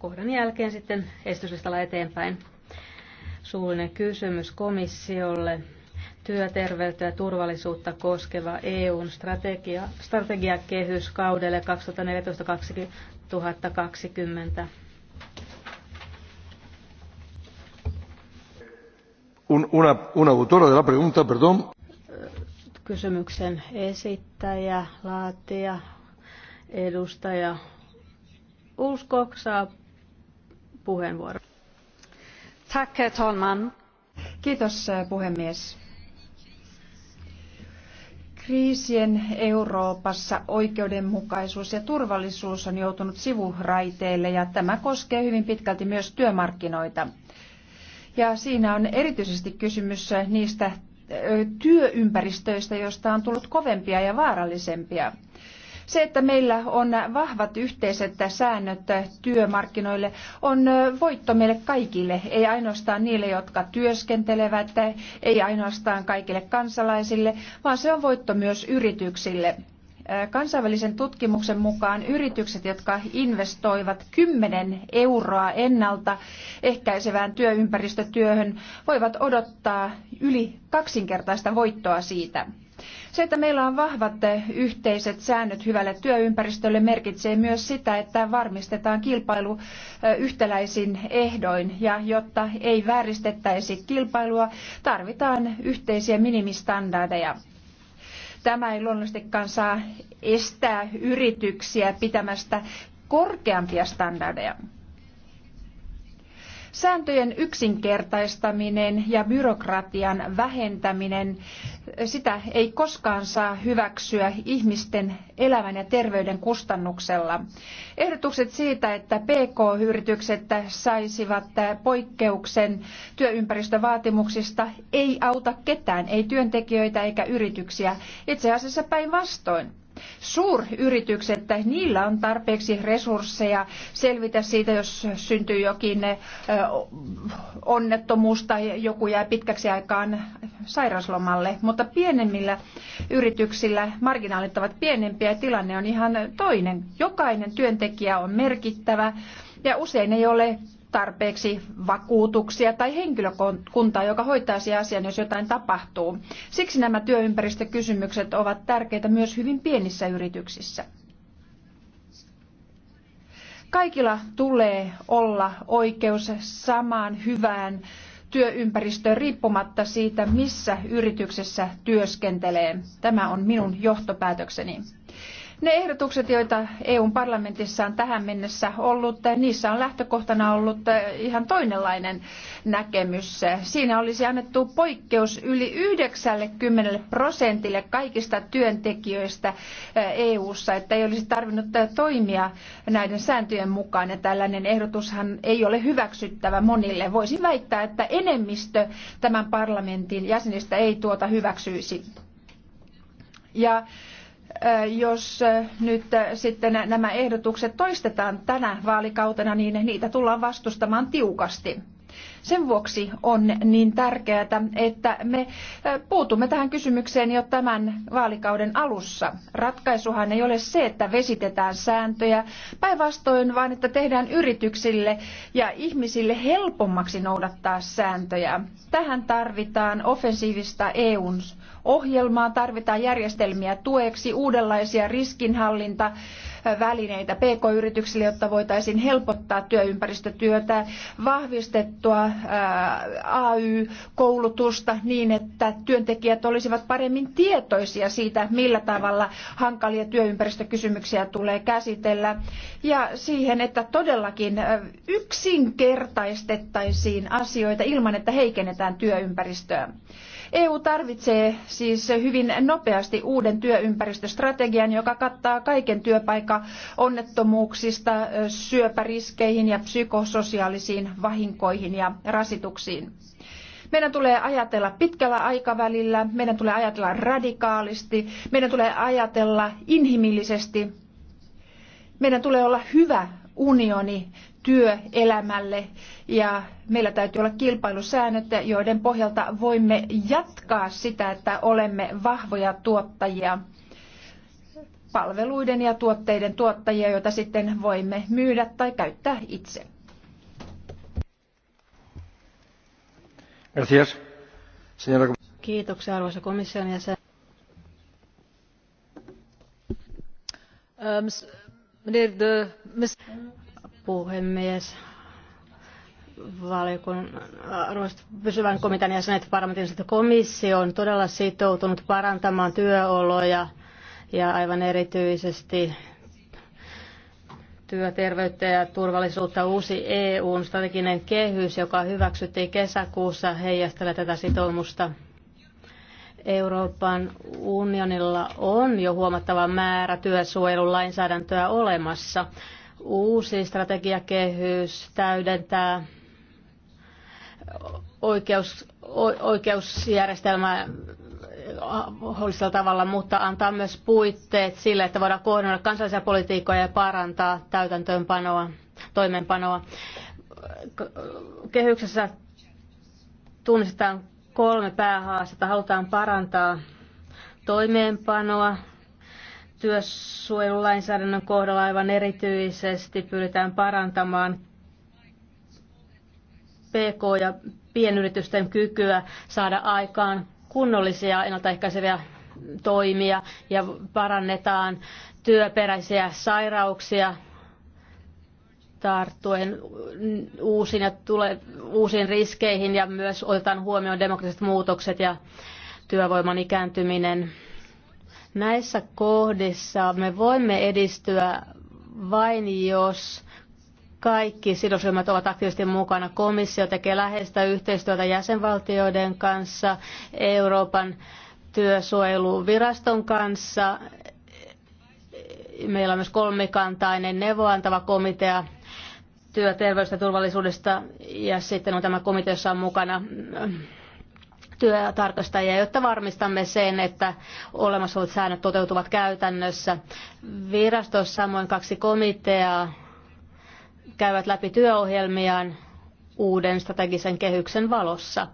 kohdan jälkeen sitten estyslistalla eteenpäin. Suullinen kysymys komissiolle. Työterveyttä ja turvallisuutta koskeva EUn strategia, strategiakehys kaudelle 2014-2020. Una, una autora de la pregunta, perdón. Kysymyksen esittäjä, laatija, edustaja Uskok saa puheenvuoron. Tack, talman. Kiitos eh, puhemies. Kriisien Euroopassa oikeudenmukaisuus ja turvallisuus on joutunut sivuraiteille ja tämä koskee hyvin pitkälti myös työmarkkinoita. Ja siinä on erityisesti kysymys eh, niistä eh, työympäristöistä, joista on tullut kovempia ja vaarallisempia. Se, että meillä on vahvat yhteiset säännöt työmarkkinoille, on voitto meille kaikille, ei ainoastaan niille, jotka työskentelevät, ei ainoastaan kaikille kansalaisille, vaan se on voitto myös yrityksille. Kansainvälisen tutkimuksen mukaan yritykset, jotka investoivat 10 euroa ennalta ehkäisevään työympäristötyöhön, voivat odottaa yli kaksinkertaista voittoa siitä. Se, että meillä on vahvat yhteiset säännöt hyvälle työympäristölle merkitsee myös sitä, että varmistetaan kilpailu yhtäläisin ehdoin ja jotta ei vääristettäisi kilpailua, tarvitaan yhteisiä minimistandardeja. Tämä ei luonnollisestikaan saa estää yrityksiä pitämästä korkeampia standardeja. Sääntöjen yksinkertaistaminen ja byrokratian vähentäminen, sitä ei koskaan saa hyväksyä ihmisten elämän ja terveyden kustannuksella. Ehdotukset siitä, että PK-yritykset saisivat poikkeuksen työympäristövaatimuksista, ei auta ketään, ei työntekijöitä eikä yrityksiä. Itse asiassa päinvastoin suuryritykset, niillä on tarpeeksi resursseja selvitä siitä, jos syntyy jokin onnettomuus tai joku jää pitkäksi aikaan sairaslomalle. Mutta pienemmillä yrityksillä marginaalit ovat pienempiä ja tilanne on ihan toinen. Jokainen työntekijä on merkittävä ja usein ei ole tarpeeksi vakuutuksia tai henkilökuntaa, joka hoitaisi asian, jos jotain tapahtuu. Siksi nämä työympäristökysymykset ovat tärkeitä myös hyvin pienissä yrityksissä. Kaikilla tulee olla oikeus samaan hyvään työympäristöön riippumatta siitä, missä yrityksessä työskentelee. Tämä on minun johtopäätökseni. Ne ehdotukset, joita EUn parlamentissa on tähän mennessä ollut, niissä on lähtökohtana ollut ihan toinenlainen näkemys. Siinä olisi annettu poikkeus yli 90 prosentille kaikista työntekijöistä EUssa, että ei olisi tarvinnut toimia näiden sääntöjen mukaan. Ja tällainen ehdotushan ei ole hyväksyttävä monille. Voisin väittää, että enemmistö tämän parlamentin jäsenistä ei tuota hyväksyisi. Ja jos nyt sitten nämä ehdotukset toistetaan tänä vaalikautena, niin niitä tullaan vastustamaan tiukasti. Sen vuoksi on niin tärkeää, että me puutumme tähän kysymykseen jo tämän vaalikauden alussa. Ratkaisuhan ei ole se, että vesitetään sääntöjä, päinvastoin vaan, että tehdään yrityksille ja ihmisille helpommaksi noudattaa sääntöjä. Tähän tarvitaan offensiivista EUn ohjelmaa, tarvitaan järjestelmiä tueksi, uudenlaisia riskinhallinta, välineitä PK-yrityksille, jotta voitaisiin helpottaa työympäristötyötä, vahvistettua AY-koulutusta niin, että työntekijät olisivat paremmin tietoisia siitä, millä tavalla hankalia työympäristökysymyksiä tulee käsitellä ja siihen, että todellakin yksinkertaistettaisiin asioita ilman, että heikennetään työympäristöä. EU tarvitsee siis hyvin nopeasti uuden työympäristöstrategian, joka kattaa kaiken työpaikka onnettomuuksista syöpäriskeihin ja psykososiaalisiin vahinkoihin ja rasituksiin. Meidän tulee ajatella pitkällä aikavälillä, meidän tulee ajatella radikaalisti, meidän tulee ajatella inhimillisesti. Meidän tulee olla hyvä unioni, työelämälle ja meillä täytyy olla kilpailusäännöt, joiden pohjalta voimme jatkaa sitä, että olemme vahvoja tuottajia, palveluiden ja tuotteiden tuottajia, joita sitten voimme myydä tai käyttää itse. Kiitoksia arvoisa komission jäsen. Meneer um, de, puhemies, valiokunnan äh, pysyvän komitean jäsenet parlamentin komissio on todella sitoutunut parantamaan työoloja ja aivan erityisesti työterveyttä ja turvallisuutta uusi EUn strateginen kehys, joka hyväksyttiin kesäkuussa, heijastelee tätä sitoumusta. Euroopan unionilla on jo huomattava määrä työsuojelulainsäädäntöä olemassa. Uusi strategiakehys täydentää oikeus, oikeusjärjestelmää hollisella tavalla, mutta antaa myös puitteet sille, että voidaan koordinoida kansallisia politiikkoja ja parantaa täytäntöönpanoa, toimeenpanoa. Kehyksessä tunnistetaan kolme päähaastetta. Halutaan parantaa toimeenpanoa, työsuojelulainsäädännön kohdalla aivan erityisesti pyritään parantamaan PK- ja pienyritysten kykyä saada aikaan kunnollisia ennaltaehkäiseviä toimia ja parannetaan työperäisiä sairauksia tarttuen uusiin, ja tule, uusiin riskeihin ja myös otetaan huomioon demokraattiset muutokset ja työvoiman ikääntyminen. Näissä kohdissa me voimme edistyä vain jos kaikki sidosryhmät ovat aktiivisesti mukana. Komissio tekee läheistä yhteistyötä jäsenvaltioiden kanssa, Euroopan työsuojeluviraston kanssa. Meillä on myös kolmikantainen neuvoantava komitea työterveydestä ja turvallisuudesta ja sitten on tämä komitea, jossa on mukana työtarkastajia, jotta varmistamme sen, että olemassa olevat säännöt toteutuvat käytännössä. Virastossa samoin kaksi komiteaa käyvät läpi työohjelmiaan uuden strategisen kehyksen valossa.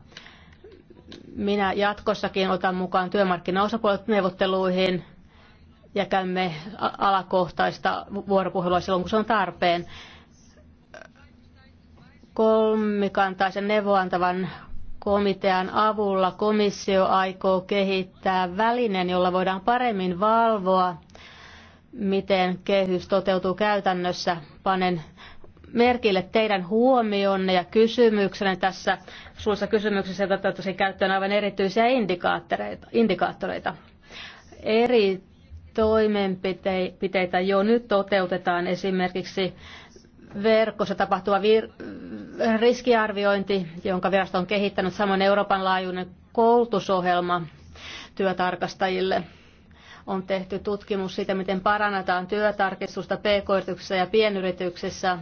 Minä jatkossakin otan mukaan työmarkkinaosapuolet neuvotteluihin ja käymme alakohtaista vuoropuhelua silloin, kun se on tarpeen kolmikantaisen neuvoantavan komitean avulla komissio aikoo kehittää välinen, jolla voidaan paremmin valvoa, miten kehys toteutuu käytännössä. Panen merkille teidän huomionne ja kysymyksenne tässä suussa kysymyksessä, että toivottavasti käyttöön aivan erityisiä indikaattoreita. indikaattoreita. Eri toimenpiteitä jo nyt toteutetaan esimerkiksi verkossa tapahtuva vir- riskiarviointi, jonka virasto on kehittänyt, samoin Euroopan laajuinen koulutusohjelma työtarkastajille. On tehty tutkimus siitä, miten parannetaan työtarkistusta pk-yrityksissä ja pienyrityksissä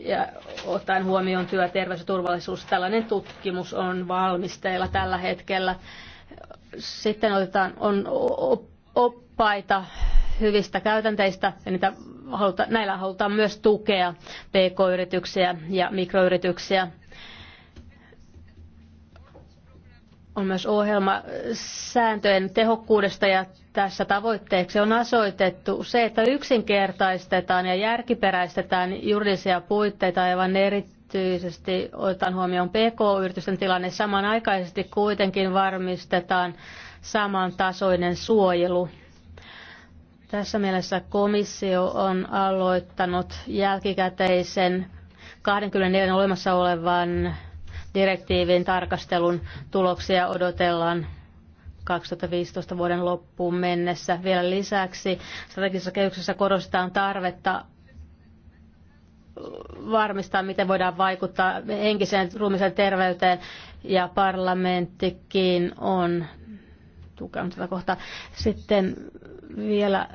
ja ottaen huomioon työterveys ja turvallisuus. Tällainen tutkimus on valmisteilla tällä hetkellä. Sitten otetaan, on oppaita hyvistä käytänteistä ja niitä haluta, näillä halutaan myös tukea pk-yrityksiä ja mikroyrityksiä. On myös ohjelma sääntöjen tehokkuudesta ja tässä tavoitteeksi on asoitettu se, että yksinkertaistetaan ja järkiperäistetään juridisia puitteita aivan erityisesti otetaan huomioon PK-yritysten tilanne. Samanaikaisesti kuitenkin varmistetaan samantasoinen suojelu tässä mielessä komissio on aloittanut jälkikäteisen 24 olemassa olevan direktiivin tarkastelun tuloksia odotellaan 2015 vuoden loppuun mennessä. Vielä lisäksi strategisessa kehyksessä korostetaan tarvetta varmistaa, miten voidaan vaikuttaa henkiseen ruumiseen terveyteen, ja parlamenttikin on tukenut tätä kohtaa. Sitten vielä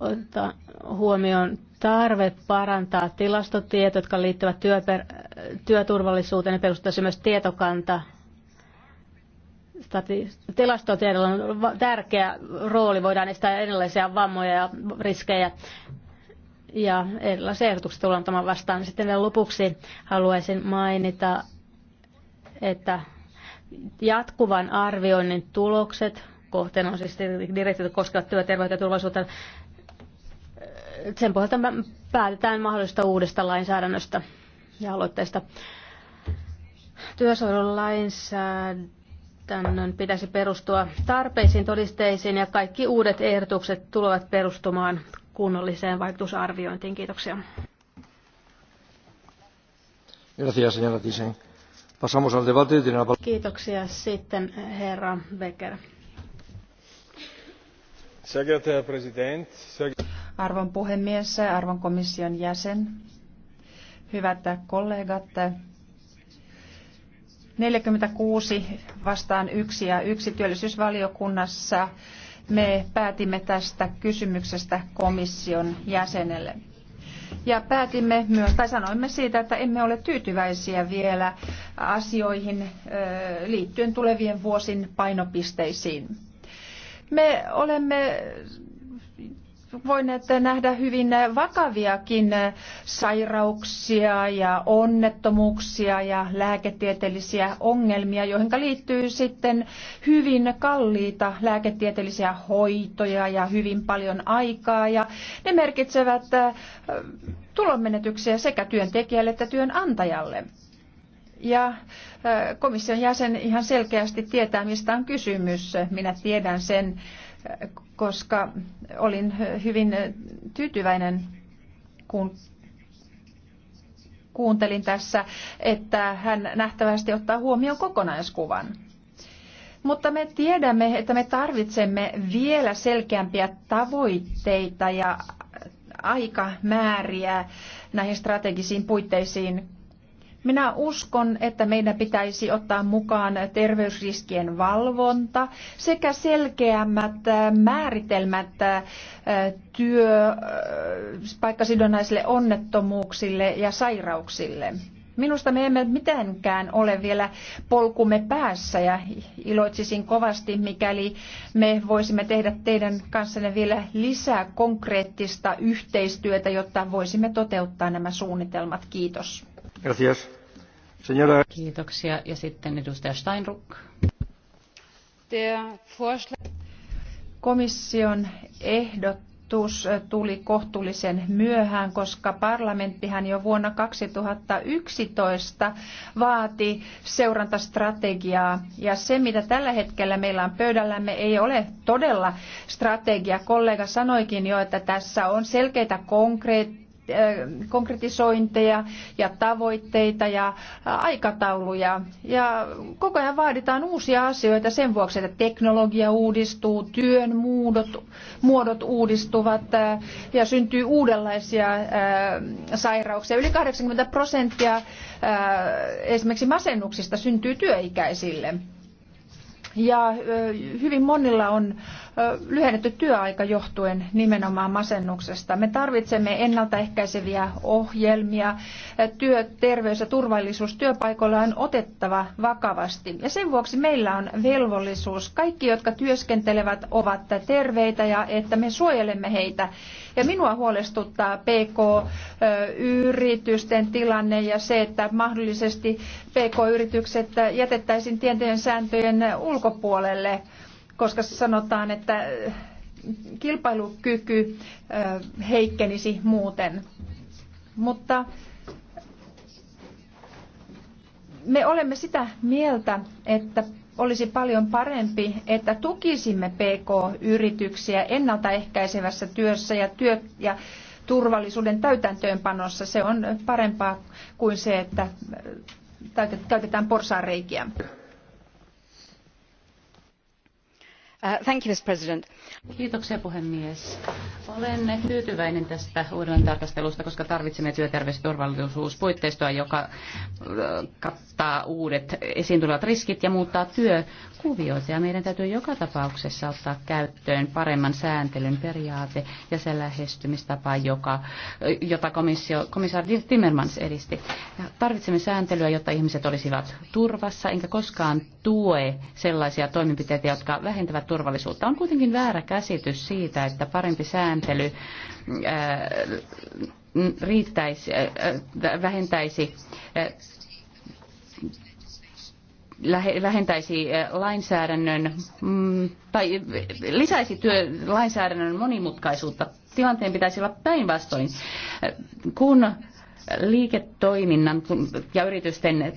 ottaa huomioon tarve parantaa tilastotietoja, jotka liittyvät työper- työturvallisuuteen ja perustaisi myös tietokanta. Tilastotiedolla on tärkeä rooli, voidaan estää erilaisia vammoja ja riskejä ja erilaisia ehdotuksia tullaan tämän vastaan. Sitten vielä lopuksi haluaisin mainita, että jatkuvan arvioinnin tulokset kohteena on siis direktiivit koskevat työterveyttä ja turvallisuutta. Sen pohjalta päätetään mahdollisesta uudesta lainsäädännöstä ja aloitteesta. Työsuojelulainsäädännön pitäisi perustua tarpeisiin, todisteisiin ja kaikki uudet ehdotukset tulevat perustumaan kunnolliseen vaikutusarviointiin. Kiitoksia. Gracias, Pasamos al debate. Kiitoksia. Sitten herra Becker. Arvon puhemies, arvon komission jäsen, hyvät kollegat, 46 vastaan yksi ja yksi työllisyysvaliokunnassa me päätimme tästä kysymyksestä komission jäsenelle. Ja päätimme myös, tai sanoimme siitä, että emme ole tyytyväisiä vielä asioihin liittyen tulevien vuosin painopisteisiin. Me olemme voineet nähdä hyvin vakaviakin sairauksia ja onnettomuuksia ja lääketieteellisiä ongelmia, joihin liittyy sitten hyvin kalliita lääketieteellisiä hoitoja ja hyvin paljon aikaa. Ja ne merkitsevät äh, tulonmenetyksiä sekä työntekijälle että työnantajalle. Ja komission jäsen ihan selkeästi tietää, mistä on kysymys. Minä tiedän sen, koska olin hyvin tyytyväinen, kun kuuntelin tässä, että hän nähtävästi ottaa huomioon kokonaiskuvan. Mutta me tiedämme, että me tarvitsemme vielä selkeämpiä tavoitteita ja aikamääriä näihin strategisiin puitteisiin minä uskon, että meidän pitäisi ottaa mukaan terveysriskien valvonta sekä selkeämmät äh, määritelmät äh, työpaikkasidonnaisille äh, onnettomuuksille ja sairauksille. Minusta me emme mitenkään ole vielä polkumme päässä ja iloitsisin kovasti, mikäli me voisimme tehdä teidän kanssanne vielä lisää konkreettista yhteistyötä, jotta voisimme toteuttaa nämä suunnitelmat. Kiitos. Gracias. Kiitoksia. Ja sitten edustaja Steinruck. Komission ehdotus tuli kohtuullisen myöhään, koska parlamenttihan jo vuonna 2011 vaati seurantastrategiaa. Ja se, mitä tällä hetkellä meillä on pöydällämme, ei ole todella strategia. Kollega sanoikin jo, että tässä on selkeitä konkreettisia Äh, konkretisointeja ja tavoitteita ja aikatauluja. Ja koko ajan vaaditaan uusia asioita sen vuoksi, että teknologia uudistuu, työn muodot, muodot uudistuvat äh, ja syntyy uudenlaisia äh, sairauksia. Yli 80 prosenttia esimerkiksi masennuksista syntyy työikäisille. Ja hyvin monilla on lyhennetty työaika johtuen nimenomaan masennuksesta. Me tarvitsemme ennaltaehkäiseviä ohjelmia. Työ, terveys ja turvallisuus työpaikoilla on otettava vakavasti. Ja sen vuoksi meillä on velvollisuus. Kaikki, jotka työskentelevät, ovat terveitä ja että me suojelemme heitä. Ja minua huolestuttaa PK-yritysten tilanne ja se, että mahdollisesti PK-yritykset jätettäisiin tieteen sääntöjen ulkopuolelle koska sanotaan, että äh, kilpailukyky äh, heikkenisi muuten. Mutta me olemme sitä mieltä, että olisi paljon parempi, että tukisimme PK-yrityksiä ennaltaehkäisevässä työssä ja, työ- ja turvallisuuden täytäntöönpanossa. Se on parempaa kuin se, että äh, käytetään porsaanreikiä. Uh, arvoisa puhemies. Olen tyytyväinen tästä uudelleentarkastelusta tarkastelusta, koska tarvitsemme työterveysturvallisuuspuitteistoa, joka uh, kattaa uudet esiin tulevat riskit ja muuttaa työkuvioita. Ja meidän täytyy joka tapauksessa ottaa käyttöön paremman sääntelyn periaate ja se lähestymistapa, joka, uh, jota komissio, komissaari Timmermans edisti. Tarvitsemme sääntelyä, jotta ihmiset olisivat turvassa, enkä koskaan tue sellaisia toimenpiteitä, jotka vähentävät turvallisuutta. On kuitenkin väärä käsitys siitä, että parempi sääntely äh, riittäisi, äh, äh vähentäisi ää, äh, lähentäisi äh, lainsäädännön mm, tai lisäisi työ, lainsäädännön monimutkaisuutta. Tilanteen pitäisi olla päinvastoin. Kun liiketoiminnan ja yritysten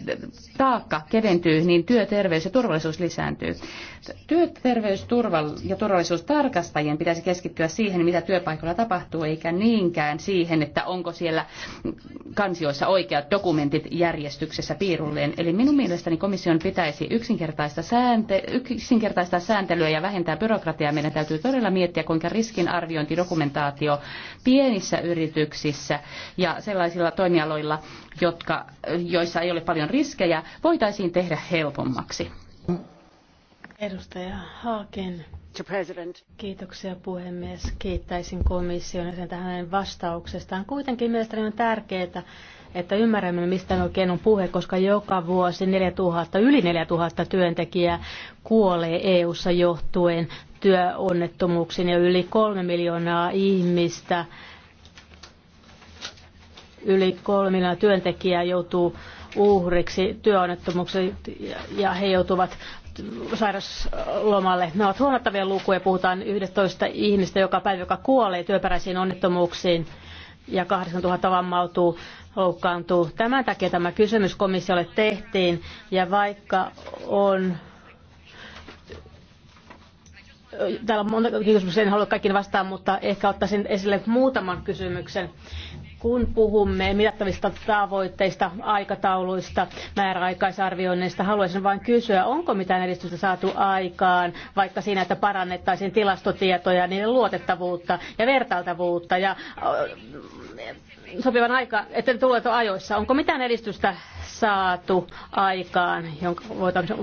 taakka keventyy, niin työterveys ja turvallisuus lisääntyy. Työterveys ja turvallisuus tarkastajien pitäisi keskittyä siihen, mitä työpaikalla tapahtuu, eikä niinkään siihen, että onko siellä kansioissa oikeat dokumentit järjestyksessä piirulleen. Eli minun mielestäni komission pitäisi yksinkertaista säänte- yksinkertaista sääntelyä ja vähentää byrokratiaa. Meidän täytyy todella miettiä, kuinka riskinarviointi, dokumentaatio pienissä yrityksissä ja sellaisilla toimialoilla, jotka, joissa ei ole paljon riskejä, voitaisiin tehdä helpommaksi. Edustaja Haaken. Kiitoksia puhemies. Kiittäisin komission ja sen tähän vastauksestaan. Kuitenkin mielestäni on tärkeää, että ymmärrämme, mistä oikein on puhe, koska joka vuosi 4000, yli 4000 työntekijää kuolee EU-ssa johtuen työonnettomuuksiin ja yli kolme miljoonaa ihmistä yli kolmilla työntekijää joutuu uhriksi työonnettomuuksi ja he joutuvat sairaslomalle. Ne ovat huomattavia lukuja. Puhutaan 11 ihmistä joka päivä, joka kuolee työperäisiin onnettomuuksiin ja 8000 vammautuu, loukkaantuu. Tämän takia tämä kysymys komissiolle tehtiin ja vaikka on Täällä on monta kysymystä, en halua kaikkiin vastaan, mutta ehkä ottaisin esille muutaman kysymyksen kun puhumme mitattavista tavoitteista, aikatauluista, määräaikaisarvioinneista, haluaisin vain kysyä, onko mitään edistystä saatu aikaan, vaikka siinä, että parannettaisiin tilastotietoja, niiden luotettavuutta ja vertailtavuutta ja sopivan aika, että ne tulevat ajoissa. Onko mitään edistystä saatu aikaan, jonka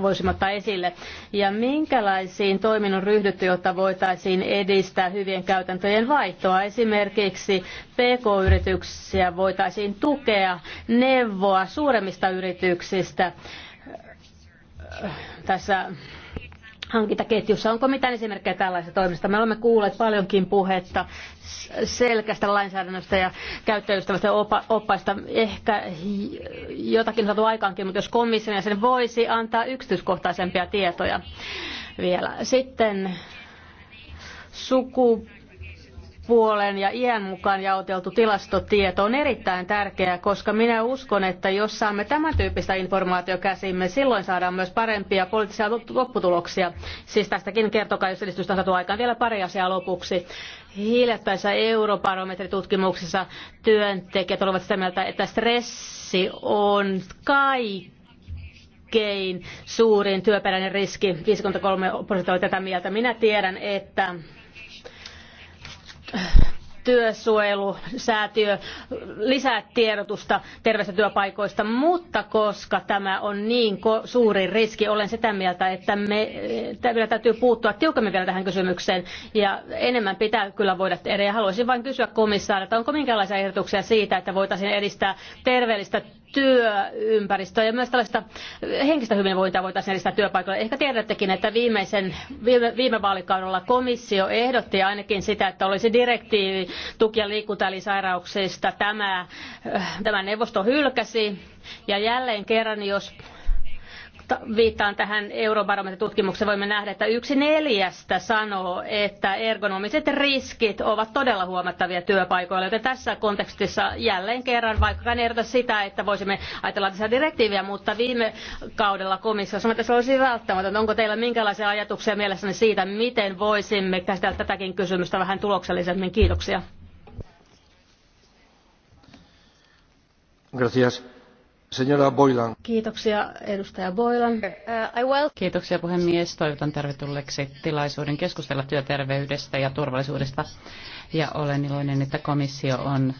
voisimme ottaa esille? Ja minkälaisiin toiminnon ryhdytty, jotta voitaisiin edistää hyvien käytäntöjen vaihtoa? Esimerkiksi PK-yrityksiä voitaisiin tukea, neuvoa suuremmista yrityksistä tässä hankintaketjussa. Onko mitään esimerkkejä tällaisesta toimista? Me olemme kuulleet paljonkin puhetta selkeästä lainsäädännöstä ja käyttäjystävästä oppaista. Ehkä jotakin saatu aikaankin, mutta jos komission sen voisi antaa yksityiskohtaisempia tietoja vielä. Sitten suku sukupuolen ja iän mukaan jaoteltu tilastotieto on erittäin tärkeää, koska minä uskon, että jos saamme tämän tyyppistä käsimme, silloin saadaan myös parempia poliittisia lopputuloksia. Siis tästäkin kertokaa, jos edistystä on saatu aikaan. Vielä pari asiaa lopuksi. Hiljattaisessa eurobarometritutkimuksessa työntekijät olivat sitä mieltä, että stressi on kaikki kaikkein suurin työperäinen riski. 53 prosenttia oli tätä mieltä. Minä tiedän, että työsuojelusäätiö lisää tiedotusta terveistä työpaikoista, mutta koska tämä on niin suuri riski, olen sitä mieltä, että meidän vielä täytyy puuttua tiukemmin vielä tähän kysymykseen ja enemmän pitää kyllä voida tehdä. Ja haluaisin vain kysyä komissaarilta, onko minkälaisia ehdotuksia siitä, että voitaisiin edistää terveellistä työympäristöä ja myös tällaista henkistä hyvinvointia voitaisiin edistää työpaikoilla. Ehkä tiedättekin, että viimeisen, viime, viime vaalikaudella komissio ehdotti ainakin sitä, että olisi direktiivi tuki- ja liikuntaelisairauksista. Tämä, äh, tämä neuvosto hylkäsi ja jälleen kerran, jos viittaan tähän eurobarometritutkimukseen, voimme nähdä, että yksi neljästä sanoo, että ergonomiset riskit ovat todella huomattavia työpaikoilla, joten tässä kontekstissa jälleen kerran, vaikka en ehdota sitä, että voisimme ajatella tässä direktiiviä, mutta viime kaudella komissio sanoi, että se olisi välttämätöntä. Onko teillä minkälaisia ajatuksia mielessäni siitä, miten voisimme käsitellä tätäkin kysymystä vähän tuloksellisemmin? Kiitoksia. Gracias. Boylan. Kiitoksia edustaja Boylan. Uh, Kiitoksia puhemies. Toivotan tervetulleeksi tilaisuuden keskustella työterveydestä ja turvallisuudesta. Ja olen iloinen, että komissio on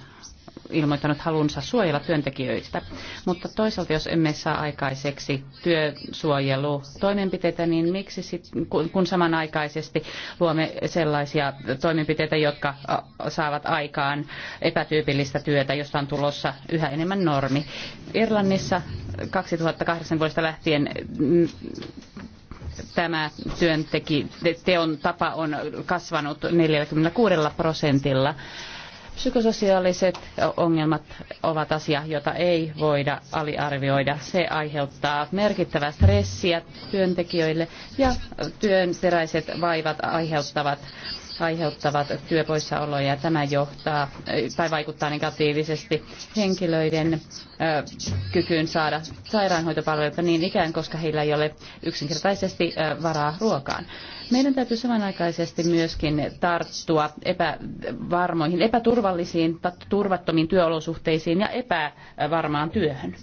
ilmoittanut halunsa suojella työntekijöitä. Mutta toisaalta, jos emme saa aikaiseksi työsuojelutoimenpiteitä, niin miksi sitten, kun samanaikaisesti luomme sellaisia toimenpiteitä, jotka saavat aikaan epätyypillistä työtä, josta on tulossa yhä enemmän normi. Irlannissa 2008 vuodesta lähtien mm, tämä teon tapa on kasvanut 46 prosentilla Psykososiaaliset ongelmat ovat asia, jota ei voida aliarvioida. Se aiheuttaa merkittävää stressiä työntekijöille ja työnteräiset vaivat aiheuttavat aiheuttavat työpoissaoloja. Tämä johtaa tai vaikuttaa negatiivisesti henkilöiden kykyyn saada sairaanhoitopalveluita niin ikään, koska heillä ei ole yksinkertaisesti varaa ruokaan. Meidän täytyy samanaikaisesti myöskin tarttua epävarmoihin, epäturvallisiin, turvattomiin työolosuhteisiin ja epävarmaan työhön.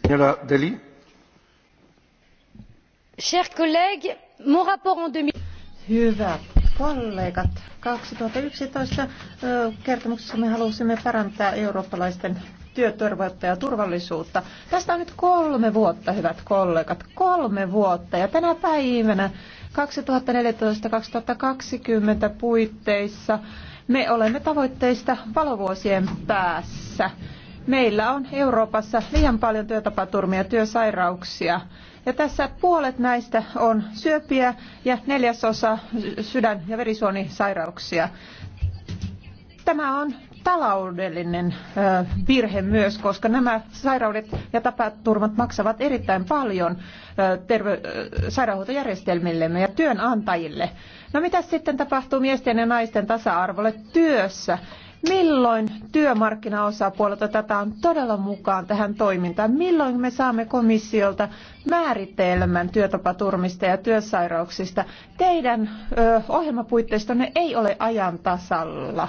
Chers collègues, mon rapport en 2000... Hyvät kollegat, 2011 kertomuksessa me halusimme parantaa eurooppalaisten työturvallisuutta ja turvallisuutta. Tästä on nyt kolme vuotta, hyvät kollegat, kolme vuotta. Ja tänä päivänä 2014-2020 puitteissa me olemme tavoitteista valovuosien päässä. Meillä on Euroopassa liian paljon työtapaturmia, työsairauksia ja tässä puolet näistä on syöpiä ja neljäsosa sydän- ja verisuonisairauksia. Tämä on taloudellinen virhe myös, koska nämä sairaudet ja tapaturmat maksavat erittäin paljon terve- sairaanhoitojärjestelmillemme ja työnantajille. No mitä sitten tapahtuu miesten ja naisten tasa-arvolle työssä? Milloin työmarkkinaosapuolet otetaan todella mukaan tähän toimintaan? Milloin me saamme komissiolta määritelmän työtapaturmista ja työsairauksista? Teidän ö, ohjelmapuitteistonne ei ole ajan tasalla.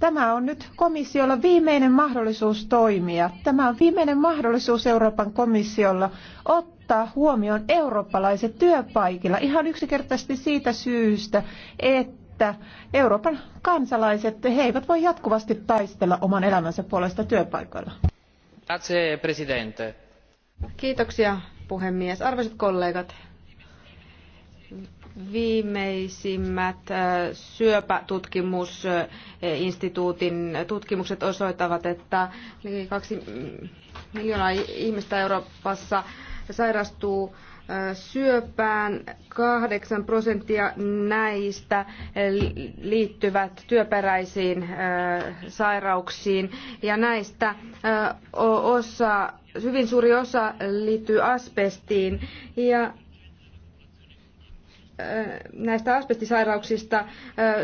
Tämä on nyt komissiolla viimeinen mahdollisuus toimia. Tämä on viimeinen mahdollisuus Euroopan komissiolla ottaa huomioon eurooppalaiset työpaikilla ihan yksinkertaisesti siitä syystä, että että Euroopan kansalaiset, he eivät voi jatkuvasti taistella oman elämänsä puolesta työpaikoilla. Kiitoksia, puhemies. Arvoisat kollegat, viimeisimmät äh, syöpätutkimusinstituutin tutkimukset osoittavat, että kaksi miljoonaa ihmistä Euroopassa sairastuu syöpään. 8 prosenttia näistä liittyvät työperäisiin sairauksiin ja näistä osa, hyvin suuri osa liittyy asbestiin ja näistä asbestisairauksista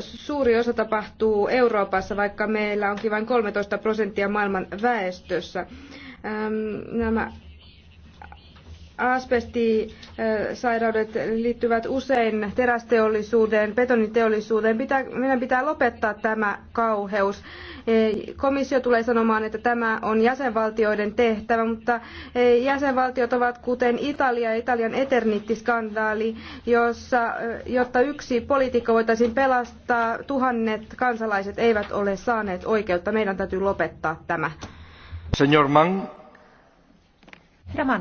suuri osa tapahtuu Euroopassa, vaikka meillä onkin vain 13 prosenttia maailman väestössä. Nämä asbestisairaudet liittyvät usein terästeollisuuteen, betoniteollisuuteen. Pitää, meidän pitää lopettaa tämä kauheus. E, komissio tulee sanomaan, että tämä on jäsenvaltioiden tehtävä, mutta e, jäsenvaltiot ovat kuten Italia ja Italian eternittiskandaali, jossa, e, jotta yksi poliitikko voitaisiin pelastaa, tuhannet kansalaiset eivät ole saaneet oikeutta. Meidän täytyy lopettaa tämä. Señor Mann. Herra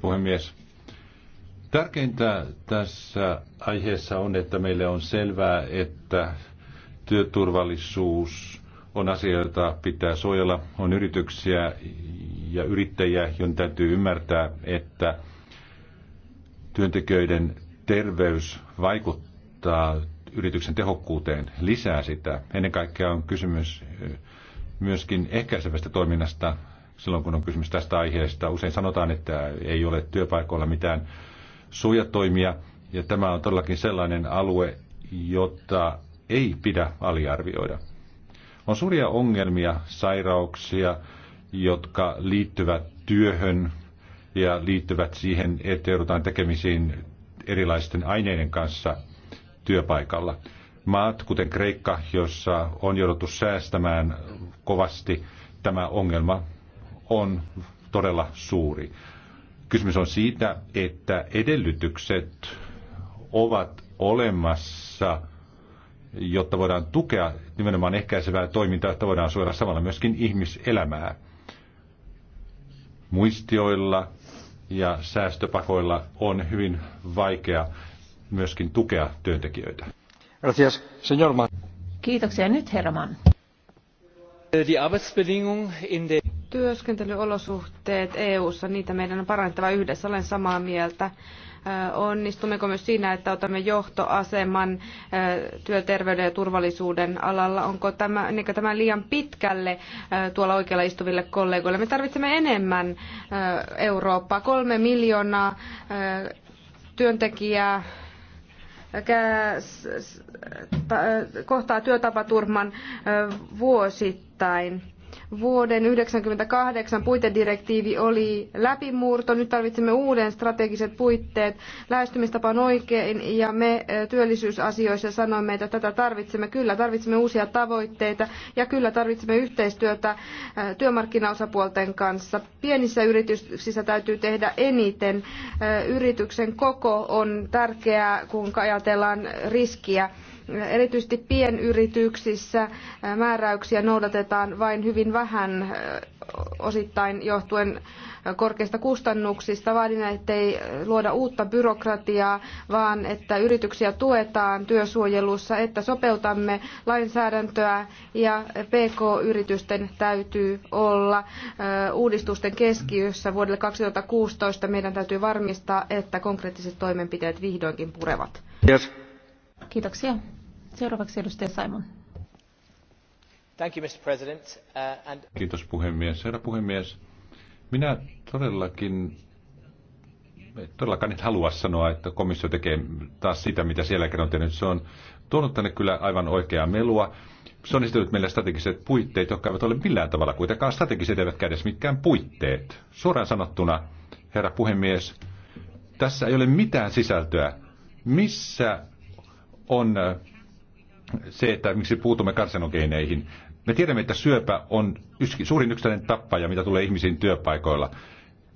puhemies. Tärkeintä tässä aiheessa on, että meille on selvää, että työturvallisuus on asia, jota pitää suojella. On yrityksiä ja yrittäjiä, joiden täytyy ymmärtää, että työntekijöiden terveys vaikuttaa yrityksen tehokkuuteen lisää sitä. Ennen kaikkea on kysymys myöskin ehkäisevästä toiminnasta silloin, kun on kysymys tästä aiheesta. Usein sanotaan, että ei ole työpaikoilla mitään suojatoimia, ja tämä on todellakin sellainen alue, jota ei pidä aliarvioida. On suuria ongelmia, sairauksia, jotka liittyvät työhön ja liittyvät siihen, että joudutaan tekemisiin erilaisten aineiden kanssa – työpaikalla. Maat, kuten Kreikka, jossa on jouduttu säästämään kovasti, tämä ongelma on todella suuri. Kysymys on siitä, että edellytykset ovat olemassa, jotta voidaan tukea nimenomaan ehkäisevää toimintaa, jotta voidaan suojella samalla myöskin ihmiselämää. Muistioilla ja säästöpakoilla on hyvin vaikea myöskin tukea työntekijöitä. Gracias, señor Mann. Kiitoksia. Nyt herra Mann. Työskentelyolosuhteet EU-ssa, niitä meidän on parannettava yhdessä. Olen samaa mieltä onnistummeko myös siinä, että otamme johtoaseman työterveyden ja turvallisuuden alalla? Onko tämä, niin tämä liian pitkälle tuolla oikealla istuville kollegoille? Me tarvitsemme enemmän Eurooppaa, kolme miljoonaa työntekijää kohtaa työtapaturman vuosittain. Vuoden 1998 puitedirektiivi oli läpimurto. Nyt tarvitsemme uuden strategiset puitteet. Lähestymistapa on oikein ja me työllisyysasioissa sanoimme, että tätä tarvitsemme. Kyllä tarvitsemme uusia tavoitteita ja kyllä tarvitsemme yhteistyötä työmarkkinaosapuolten kanssa. Pienissä yrityksissä täytyy tehdä eniten. Yrityksen koko on tärkeää, kun ajatellaan riskiä Erityisesti pienyrityksissä määräyksiä noudatetaan vain hyvin vähän osittain johtuen korkeista kustannuksista. Vaadin, ettei luoda uutta byrokratiaa, vaan että yrityksiä tuetaan työsuojelussa, että sopeutamme lainsäädäntöä ja PK-yritysten täytyy olla uudistusten keskiössä vuodelle 2016. Meidän täytyy varmistaa, että konkreettiset toimenpiteet vihdoinkin purevat. Kiitoksia. Seuraavaksi edustaja Simon. Thank you, Mr. President. Uh, and... Kiitos puhemies. Herra puhemies, minä todellakin todellakaan en halua sanoa, että komissio tekee taas sitä, mitä siellä on tehnyt. Se on tuonut tänne kyllä aivan oikeaa melua. Se on esitellyt meille strategiset puitteet, jotka eivät ole millään tavalla kuitenkaan strategiset, eivät kädessä mitkään puitteet. Suoraan sanottuna, herra puhemies, tässä ei ole mitään sisältöä. Missä on se, että miksi puutumme karsenogeeneihin. Me tiedämme, että syöpä on suurin yksittäinen tappaja, mitä tulee ihmisiin työpaikoilla.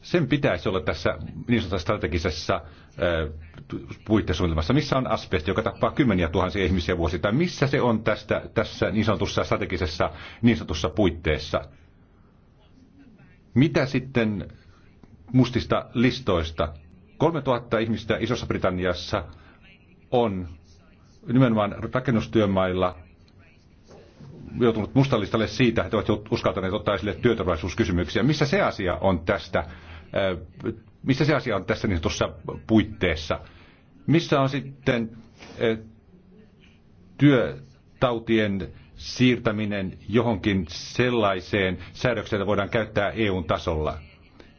Sen pitäisi olla tässä niin sanotussa strategisessa äh, puitesuunnitelmassa. Missä on asbesti, joka tappaa kymmeniä tuhansia ihmisiä vuosittain? Missä se on tästä, tässä niin sanotussa strategisessa niin sanotussa puitteessa? Mitä sitten mustista listoista? 3000 ihmistä Isossa Britanniassa on nimenomaan rakennustyömailla joutunut mustalistalle siitä, että ovat uskaltaneet ottaa esille työturvallisuuskysymyksiä. Missä se asia on tästä, äh, missä se asia on tässä niin tuossa puitteessa? Missä on sitten äh, työtautien siirtäminen johonkin sellaiseen säädökseen, jota voidaan käyttää eu tasolla?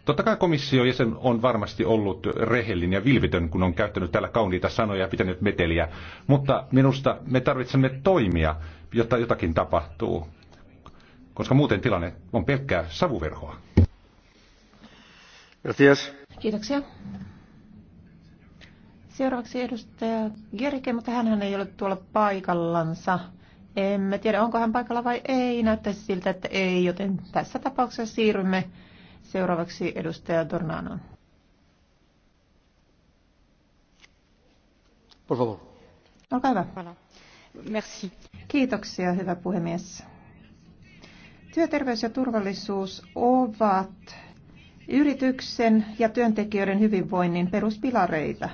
Totta kai komissio jäsen on varmasti ollut rehellinen ja vilvitön, kun on käyttänyt täällä kauniita sanoja ja pitänyt meteliä. Mutta minusta me tarvitsemme toimia, jotta jotakin tapahtuu. Koska muuten tilanne on pelkkää savuverhoa. Kiitoksia. Seuraavaksi edustaja Gerike, mutta hän ei ole tuolla paikallansa. Emme tiedä, onko hän paikalla vai ei. Näyttäisi siltä, että ei, joten tässä tapauksessa siirrymme Seuraavaksi edustaja Tornano. Olkaa hyvä. Merci. Kiitoksia, hyvä puhemies. Työterveys ja turvallisuus ovat yrityksen ja työntekijöiden hyvinvoinnin peruspilareita.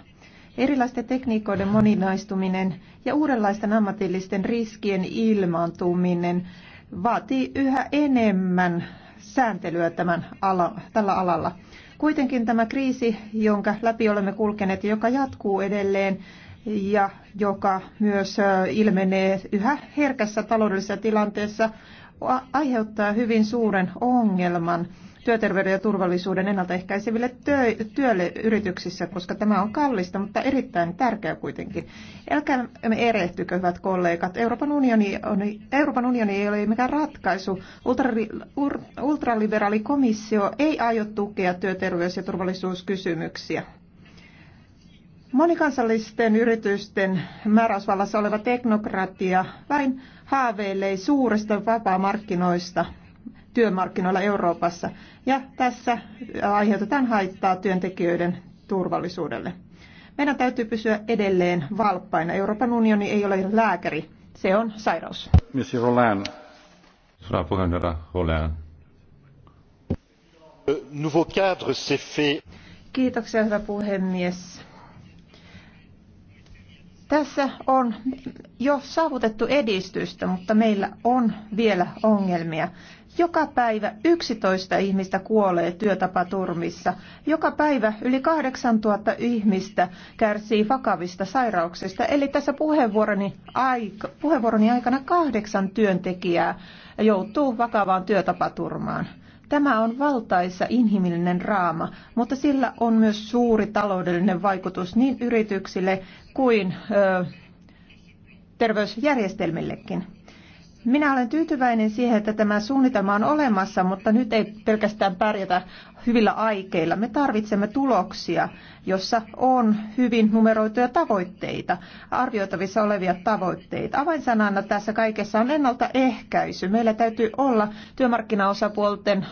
Erilaisten tekniikoiden moninaistuminen ja uudenlaisten ammatillisten riskien ilmaantuminen vaatii yhä enemmän sääntelyä tämän ala, tällä alalla. Kuitenkin tämä kriisi, jonka läpi olemme kulkeneet ja joka jatkuu edelleen ja joka myös ilmenee yhä herkässä taloudellisessa tilanteessa, aiheuttaa hyvin suuren ongelman työterveyden ja turvallisuuden ennaltaehkäiseville työlle yrityksissä, koska tämä on kallista, mutta erittäin tärkeä kuitenkin. Älkää me erehtykö, hyvät kollegat. Euroopan unioni, on, Euroopan unioni ei ole mikään ratkaisu. ultra ur, ultraliberaali komissio ei aio tukea työterveys- ja turvallisuuskysymyksiä. Monikansallisten yritysten määräysvallassa oleva teknokratia vain haaveilee vapaa markkinoista työmarkkinoilla Euroopassa ja tässä aiheutetaan haittaa työntekijöiden turvallisuudelle. Meidän täytyy pysyä edelleen valppaina. Euroopan unioni ei ole lääkäri, se on sairaus. Monsieur Roland. Sera puheenjohtaja Roland. Nouveau cadre, c'est fait. Kiitoksia, hyvä puhemies. Tässä on jo saavutettu edistystä, mutta meillä on vielä ongelmia. Joka päivä 11 ihmistä kuolee työtapaturmissa. Joka päivä yli 8000 ihmistä kärsii vakavista sairauksista. Eli tässä puheenvuoroni, aik- puheenvuoroni aikana kahdeksan työntekijää joutuu vakavaan työtapaturmaan. Tämä on valtaisa inhimillinen raama, mutta sillä on myös suuri taloudellinen vaikutus niin yrityksille kuin ö, terveysjärjestelmillekin. Minä olen tyytyväinen siihen, että tämä suunnitelma on olemassa, mutta nyt ei pelkästään pärjätä hyvillä aikeilla. Me tarvitsemme tuloksia, jossa on hyvin numeroituja tavoitteita, arvioitavissa olevia tavoitteita. Avainsanana tässä kaikessa on ennaltaehkäisy. Meillä täytyy olla työmarkkinaosapuolten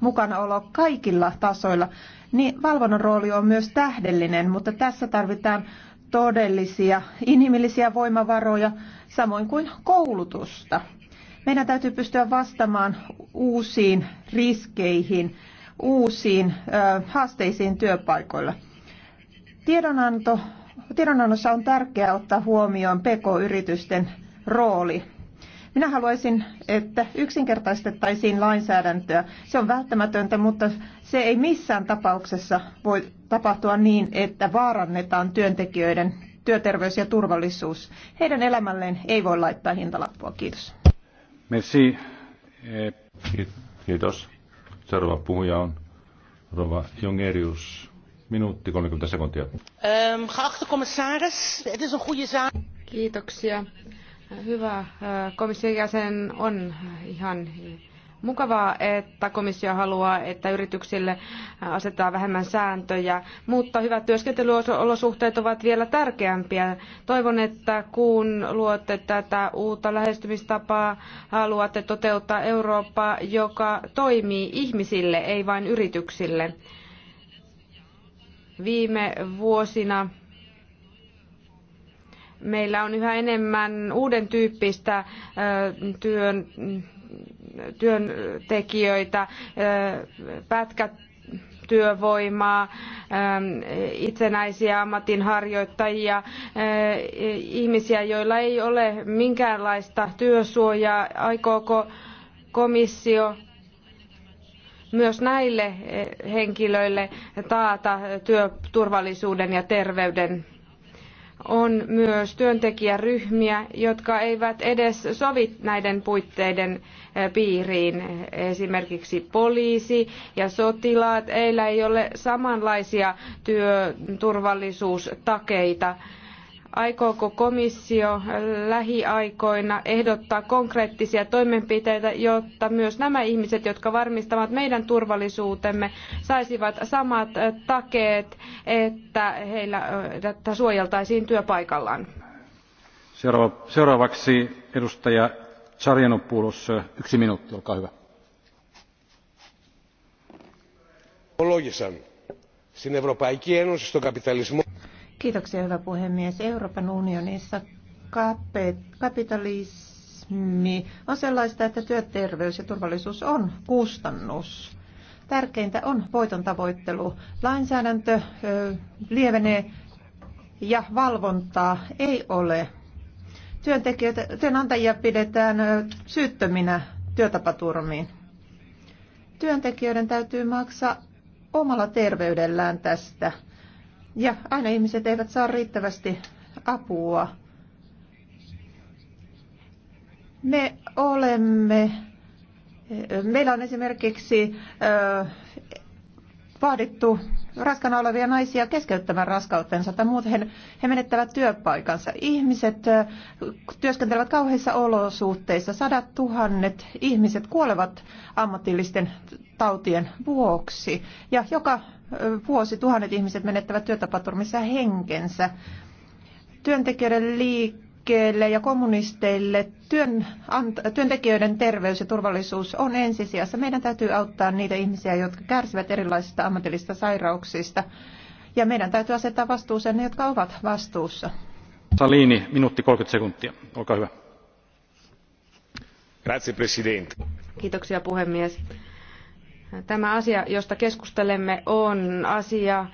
mukanaolo kaikilla tasoilla. Niin valvonnan rooli on myös tähdellinen, mutta tässä tarvitaan todellisia inhimillisiä voimavaroja, samoin kuin koulutusta. Meidän täytyy pystyä vastaamaan uusiin riskeihin, uusiin haasteisiin työpaikoilla. Tiedonanto, tiedonannossa on tärkeää ottaa huomioon pk-yritysten rooli. Minä haluaisin, että yksinkertaistettaisiin lainsäädäntöä. Se on välttämätöntä, mutta se ei missään tapauksessa voi tapahtua niin, että vaarannetaan työntekijöiden työterveys ja turvallisuus. Heidän elämälleen ei voi laittaa hintalappua. Kiitos. Merci. Kiitos. Seuraava puhuja on Rova Jongerius. Minuutti 30 sekuntia. Ehm, geachte commissaris, het is een goede zaak. Kiitoksia Hyvä. Äh, komission jäsen on ihan mukavaa, että komissio haluaa, että yrityksille äh, asetetaan vähemmän sääntöjä, mutta hyvät työskentelyolosuhteet ovat vielä tärkeämpiä. Toivon, että kun luotte tätä uutta lähestymistapaa, haluatte toteuttaa Eurooppaa, joka toimii ihmisille, ei vain yrityksille. Viime vuosina meillä on yhä enemmän uuden tyyppistä työn, työntekijöitä, pätkät työvoimaa, itsenäisiä ammatinharjoittajia, ihmisiä, joilla ei ole minkäänlaista työsuojaa. Aikooko komissio myös näille henkilöille taata työturvallisuuden ja terveyden? on myös työntekijäryhmiä, jotka eivät edes sovi näiden puitteiden eh, piiriin. Esimerkiksi poliisi ja sotilaat, heillä ei ole samanlaisia työturvallisuustakeita Aikooko komissio lähiaikoina ehdottaa konkreettisia toimenpiteitä, jotta myös nämä ihmiset, jotka varmistavat meidän turvallisuutemme, saisivat samat takeet, että heillä että suojeltaisiin työpaikallaan? seuraavaksi edustaja Sarjanopoulos, yksi minuutti, olkaa hyvä. Στην Ευρωπαϊκή Ένωση, στον καπιταλισμό Kiitoksia, hyvä puhemies. Euroopan unionissa kapitalismi on sellaista, että työterveys ja turvallisuus on kustannus. Tärkeintä on voiton tavoittelu. Lainsäädäntö lievenee ja valvontaa ei ole. Työntekijöitä, työnantajia pidetään syyttöminä työtapaturmiin. Työntekijöiden täytyy maksaa omalla terveydellään tästä. Ja aina ihmiset eivät saa riittävästi apua. Me olemme, meillä on esimerkiksi vaadittu raskana olevia naisia keskeyttämään raskautensa tai muuten he menettävät työpaikansa. Ihmiset työskentelevät kauheissa olosuhteissa. Sadat tuhannet ihmiset kuolevat ammatillisten tautien vuoksi ja joka vuosi tuhannet ihmiset menettävät työtapaturmissa henkensä. Työntekijöiden liikkeelle ja kommunisteille työn, työntekijöiden terveys ja turvallisuus on ensisijassa. Meidän täytyy auttaa niitä ihmisiä, jotka kärsivät erilaisista ammatillisista sairauksista. Ja meidän täytyy asettaa vastuuseen ne, jotka ovat vastuussa. Salini, minuutti 30 sekuntia. Olkaa hyvä. Grazie, Presidente. Kiitoksia puhemies Tämä asia, josta keskustelemme, on asia,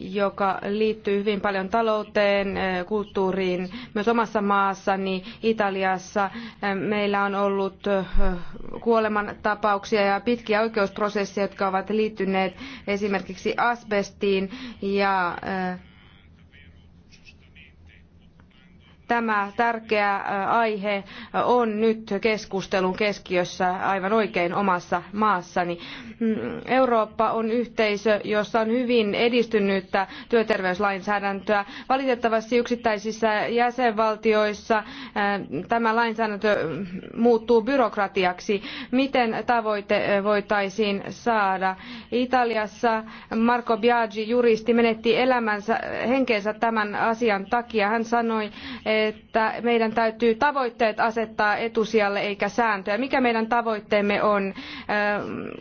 joka liittyy hyvin paljon talouteen, kulttuuriin. Myös omassa maassani Italiassa meillä on ollut kuolemantapauksia ja pitkiä oikeusprosesseja, jotka ovat liittyneet esimerkiksi asbestiin ja tämä tärkeä aihe on nyt keskustelun keskiössä aivan oikein omassa maassani. Mm, Eurooppa on yhteisö, jossa on hyvin edistynyttä työterveyslainsäädäntöä. Valitettavasti yksittäisissä jäsenvaltioissa tämä lainsäädäntö muuttuu byrokratiaksi. Miten tavoite voitaisiin saada? Italiassa Marco Biagi, juristi, menetti elämänsä, henkeensä tämän asian takia. Hän sanoi, että meidän täytyy tavoitteet asettaa etusijalle eikä sääntöjä. Mikä meidän tavoitteemme on?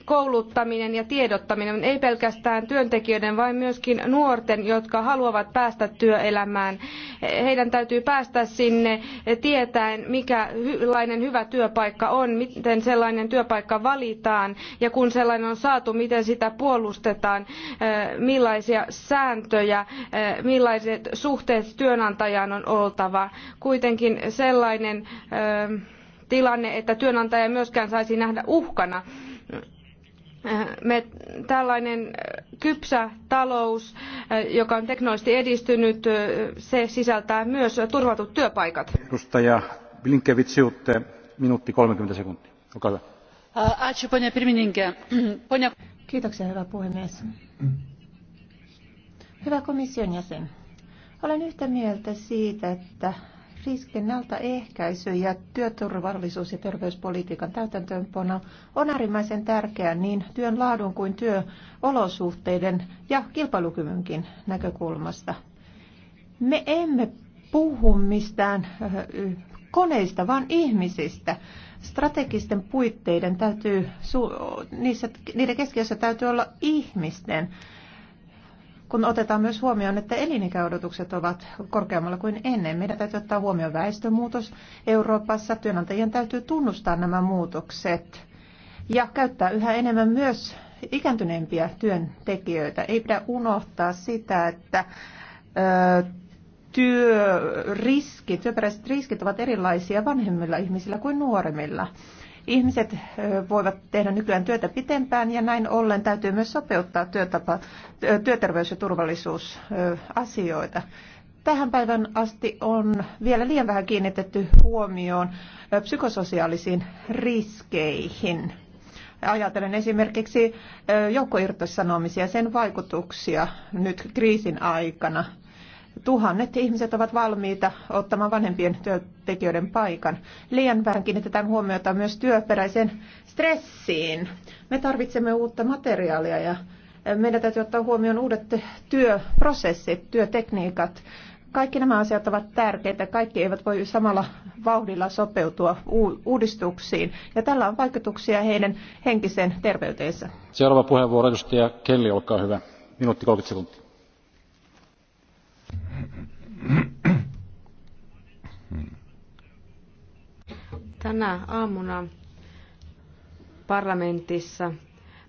Kouluttaminen ja tiedottaminen, ei pelkästään työntekijöiden, vaan myöskin nuorten, jotka haluavat päästä työelämään. Heidän täytyy päästä sinne tietäen, mikälainen hyvä työpaikka on, miten sellainen työpaikka valitaan ja kun sellainen on saatu, miten sitä puolustetaan, millaisia sääntöjä, millaiset suhteet työnantajaan on oltava kuitenkin sellainen tilanne, että työnantaja ei myöskään saisi nähdä uhkana. Me, tällainen kypsä talous, joka on teknologisesti edistynyt, se sisältää myös turvatut työpaikat. Edustaja Blinkevitsiutte, minuutti 30 sekuntia. Olkaa hyvä. Kiitoksia, hyvä puhemies. Hyvä komission jäsen. Olen yhtä mieltä siitä, että ehkäisy ja työturvallisuus- ja terveyspolitiikan täytäntöönpano on äärimmäisen tärkeää niin työn laadun kuin työolosuhteiden ja kilpailukyvynkin näkökulmasta. Me emme puhu mistään koneista, vaan ihmisistä. Strategisten puitteiden täytyy, niissä, niiden keskiössä täytyy olla ihmisten kun otetaan myös huomioon, että elinikäodotukset ovat korkeammalla kuin ennen. Meidän täytyy ottaa huomioon väestömuutos Euroopassa. Työnantajien täytyy tunnustaa nämä muutokset ja käyttää yhä enemmän myös ikääntyneempiä työntekijöitä. Ei pidä unohtaa sitä, että ö, työriskit, työperäiset riskit ovat erilaisia vanhemmilla ihmisillä kuin nuoremmilla. Ihmiset voivat tehdä nykyään työtä pitempään ja näin ollen täytyy myös sopeuttaa työtapa, työterveys- ja turvallisuusasioita. Tähän päivän asti on vielä liian vähän kiinnitetty huomioon psykososiaalisiin riskeihin. Ajatellen esimerkiksi joukkoirtosanomisia, ja sen vaikutuksia nyt kriisin aikana – Tuhannet ihmiset ovat valmiita ottamaan vanhempien työntekijöiden paikan. Liian vähän kiinnitetään huomiota myös työperäiseen stressiin. Me tarvitsemme uutta materiaalia ja meidän täytyy ottaa huomioon uudet työprosessit, työtekniikat. Kaikki nämä asiat ovat tärkeitä. Kaikki eivät voi samalla vauhdilla sopeutua uudistuksiin. Ja tällä on vaikutuksia heidän henkiseen terveyteensä. Seuraava puheenvuoro edustaja Kelli, olkaa hyvä. Minuutti 30 sekuntia Tänä aamuna parlamentissa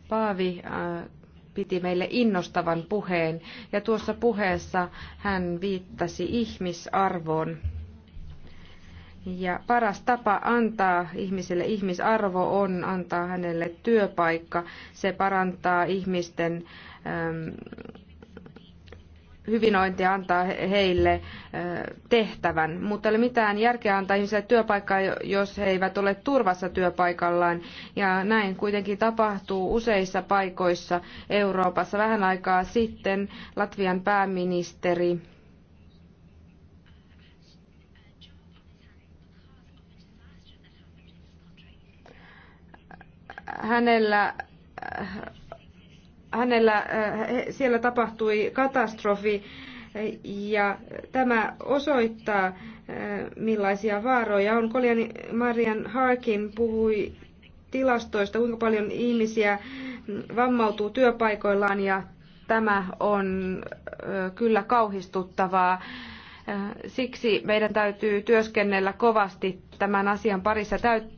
Paavi äh, piti meille innostavan puheen ja tuossa puheessa hän viittasi ihmisarvoon. Ja paras tapa antaa ihmiselle ihmisarvo on antaa hänelle työpaikka. Se parantaa ihmisten ähm, hyvinvointi antaa heille tehtävän, mutta ei ole mitään järkeä antaa ihmisille työpaikkaa, jos he eivät ole turvassa työpaikallaan. Ja näin kuitenkin tapahtuu useissa paikoissa Euroopassa. Vähän aikaa sitten Latvian pääministeri hänellä hänellä, äh, siellä tapahtui katastrofi äh, ja tämä osoittaa, äh, millaisia vaaroja on. Koljani Marian Harkin puhui tilastoista, kuinka paljon ihmisiä vammautuu työpaikoillaan ja tämä on kyllä kauhistuttavaa. Siksi meidän täytyy työskennellä kovasti tämän asian parissa. Täytyy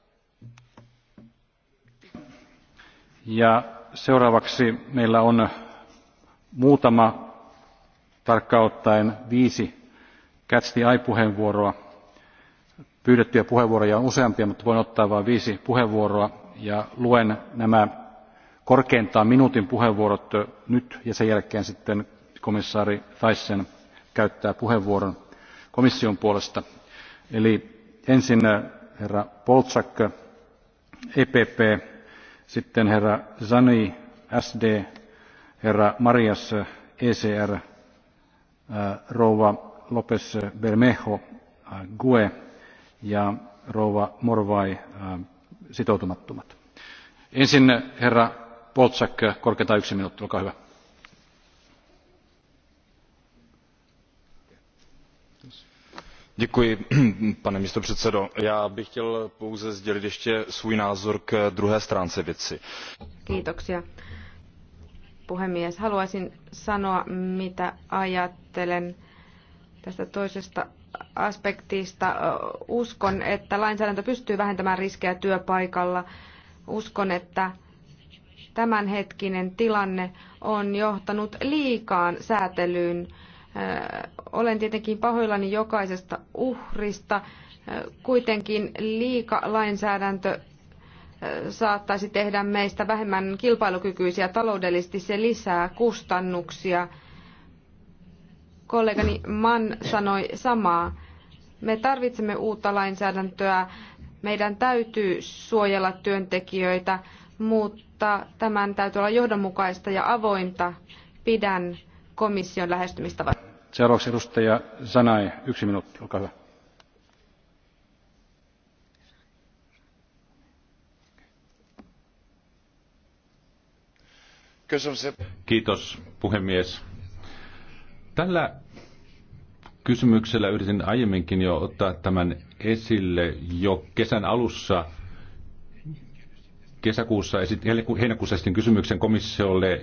ja seuraavaksi meillä on muutama tarkkaan ottaen viisi catch the eye puheenvuoroa. Pyydettyjä puheenvuoroja on useampia, mutta voin ottaa vain viisi puheenvuoroa ja luen nämä korkeintaan minuutin puheenvuorot nyt ja sen jälkeen sitten komissaari Thyssen käyttää puheenvuoron komission puolesta. Eli ensin eh, herra Polczak, EPP, sitten herra Zani SD, herra Marias ECR, rouva Lopes Bermejo GUE ja rouva Morvai sitoutumattomat. Ensin herra Polczak, korkeintaan yksi minuutti, olkaa hyvä pane předsedající já bych chtěl pouze sdělit ještě svůj názor k druhé stránce věci. puhemies haluaisin sanoa mitä ajattelen tästä toisesta aspektista. Uskon, että lainsäädäntö pystyy vähentämään riskejä työpaikalla. Uskon, että tämänhetkinen tilanne on johtanut liikaan säätelyyn olen tietenkin pahoillani jokaisesta uhrista. Kuitenkin liika lainsäädäntö saattaisi tehdä meistä vähemmän kilpailukykyisiä taloudellisesti. Se lisää kustannuksia. Kollegani Mann sanoi samaa. Me tarvitsemme uutta lainsäädäntöä. Meidän täytyy suojella työntekijöitä, mutta tämän täytyy olla johdonmukaista ja avointa. Pidän komission lähestymistavat. Seuraavaksi edustaja Sanae, yksi minuutti, olkaa hyvä. Kiitos puhemies. Tällä kysymyksellä yritin aiemminkin jo ottaa tämän esille jo kesän alussa – kesäkuussa esitin, heinäkuussa esitin kysymyksen komissiolle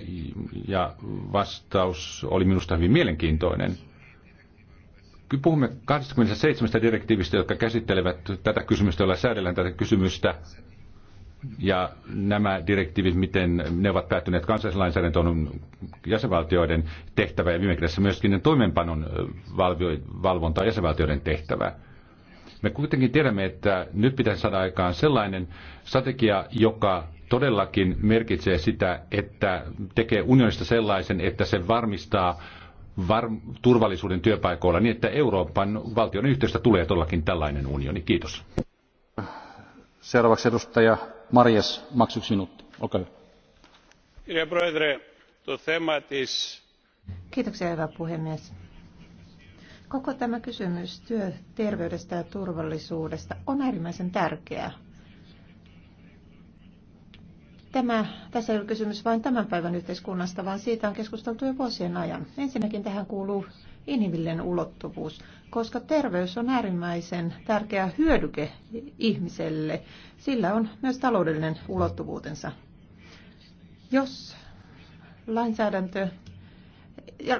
ja vastaus oli minusta hyvin mielenkiintoinen. Puhumme 27 direktiivistä, jotka käsittelevät tätä kysymystä, jolla säädellään tätä kysymystä. Ja nämä direktiivit, miten ne ovat päättyneet kansallislainsäädäntöön, on jäsenvaltioiden tehtävä ja viime kädessä myöskin toimeenpanon valvonta jäsenvaltioiden tehtävä me kuitenkin tiedämme, että nyt pitäisi saada aikaan sellainen strategia, joka todellakin merkitsee sitä, että tekee unionista sellaisen, että se varmistaa var- turvallisuuden työpaikoilla niin, että Euroopan valtion yhteistä tulee todellakin tällainen unioni. Kiitos. Seuraavaksi edustaja Marjas, maks yksi minuutti. Olkaa hyvä. Kiitoksia, hyvä puhemies Koko tämä kysymys työterveydestä ja turvallisuudesta on äärimmäisen tärkeää. Tämä, tässä ei ole kysymys vain tämän päivän yhteiskunnasta, vaan siitä on keskusteltu jo vuosien ajan. Ensinnäkin tähän kuuluu inhimillinen ulottuvuus, koska terveys on äärimmäisen tärkeä hyödyke ihmiselle. Sillä on myös taloudellinen ulottuvuutensa. Jos lainsäädäntö,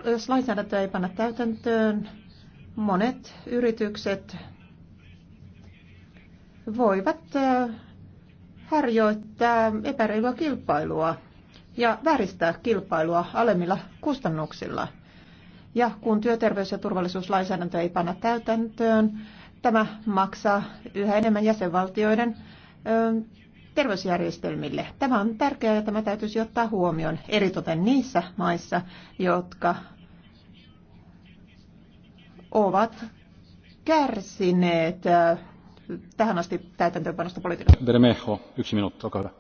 jos lainsäädäntöä ei panna täytäntöön, monet yritykset voivat harjoittaa epäreilua kilpailua ja vääristää kilpailua alemmilla kustannuksilla. Ja kun työterveys- ja turvallisuuslainsäädäntö ei panna täytäntöön, tämä maksaa yhä enemmän jäsenvaltioiden terveysjärjestelmille. Tämä on tärkeää ja tämä täytyisi ottaa huomioon, eritoten niissä maissa, jotka ovat kärsineet äh, tähän asti täytäntöönpanosta politiikasta. Bermejo, yksi minuutti, olkaa hyvä.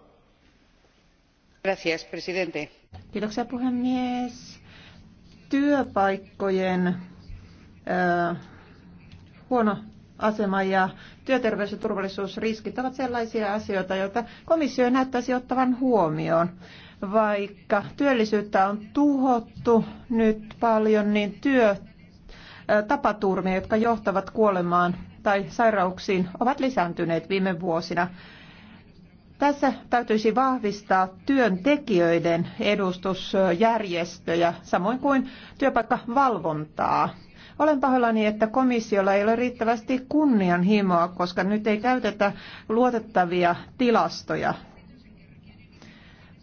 Gracias, presidente. Kiitoksia puhemies. Työpaikkojen äh, huono asema ja työterveys- ja turvallisuusriskit ovat sellaisia asioita, joita komissio näyttäisi ottavan huomioon. Vaikka työllisyyttä on tuhottu nyt paljon, niin työ tapaturmia, jotka johtavat kuolemaan tai sairauksiin, ovat lisääntyneet viime vuosina. Tässä täytyisi vahvistaa työntekijöiden edustusjärjestöjä, samoin kuin työpaikkavalvontaa. Olen pahoillani, että komissiolla ei ole riittävästi kunnianhimoa, koska nyt ei käytetä luotettavia tilastoja